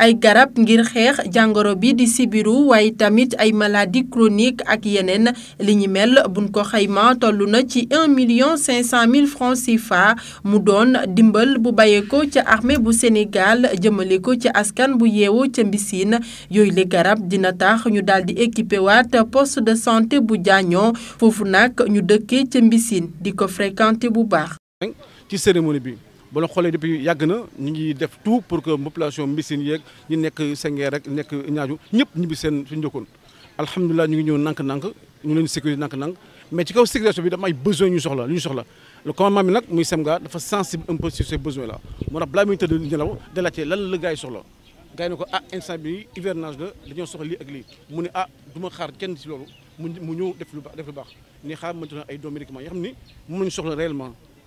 ay garab ngir xeex jàngoro bi di sibiru waaye tamit ay maladie chronique ak yeneen li ñu mel buñ ko xayma tollu na ci 1 million 500 mille francs CFA mu doon dimbal bu bàyyee ko ca armee bu Sénégal jëmale ko ci askan bu yeewoo ca Mbisine yooyu le garab dina tax ñu daal di équipé waat poste de santé bu Diagnon foofu nag ñu dëkkee ca Mbisine di ko fréquenté bu baax. ci cérémonie bi. ba la xoolee depuis Yagna, na ñu ngi def tout pour que population Mbissine yeeg ñu nekk Sengeer rek nekk ñaaju ñëpp ñibbi seen suñu njëkkoon alhamdulilah ñu ngi ñëw nànk nank ñu leen sécurité nànk-nànk mais ci kaw sécurité bi dama ay besoin ñu soxla lu ñu soxla le commandement bi nag muy Semga dafa sensible un peu sur ces besoins là moo tax balaa muy tëdd di de la laajte lan le gars yi soxla gars yi ne ko ah instant bi hivernage de dañoo soxla lii ak lii mu ne ah du ma xaar kenn ci loolu mu mu ñëw def lu baax def lu baax ni xaar mënti na ay doomu médicament yoo ni moom lañu soxla réellement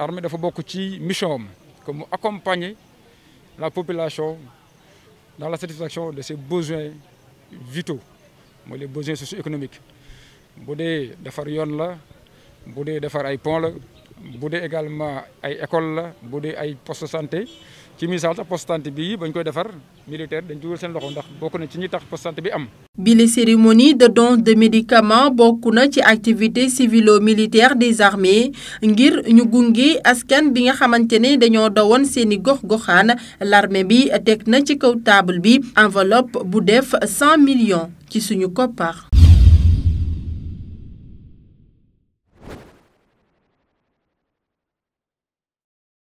armée de bokk ci mission comme accompagner la population dans la satisfaction de ses besoins vitaux les besoins socio-économiques budé defar la de bu également ay école la bu ay poste santé ci misaal sax poste santé bi bañ koy défar militaire dañ dugal sen loxo ndax bokk na ci ñi tax poste santé bi am. bi bile cérémonie de don de médicaments bokk na ci activité civilo-militaire des armées ngir ñu gunge askan bi nga xamante ne dañoo dawoon seeni gox-goxaan l'armée bi tek na ci kaw table bi enveloppe bu def cent millions ci suñu copar